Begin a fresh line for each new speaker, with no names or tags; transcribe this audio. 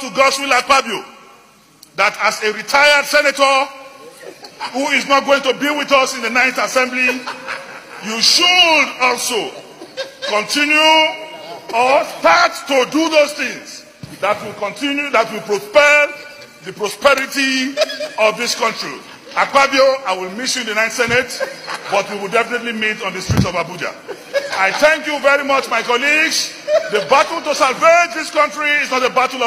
to Godswill Akpabio that as a retired senator who is not going to be with us in the Ninth Assembly, you should also continue or start to do those things that will continue, that will prosper the prosperity of this country. Akpabio, I will miss you in the Ninth Senate, but we will definitely meet on the streets of Abuja. I thank you very much, my colleagues. The battle to salvage this country is not a battle
of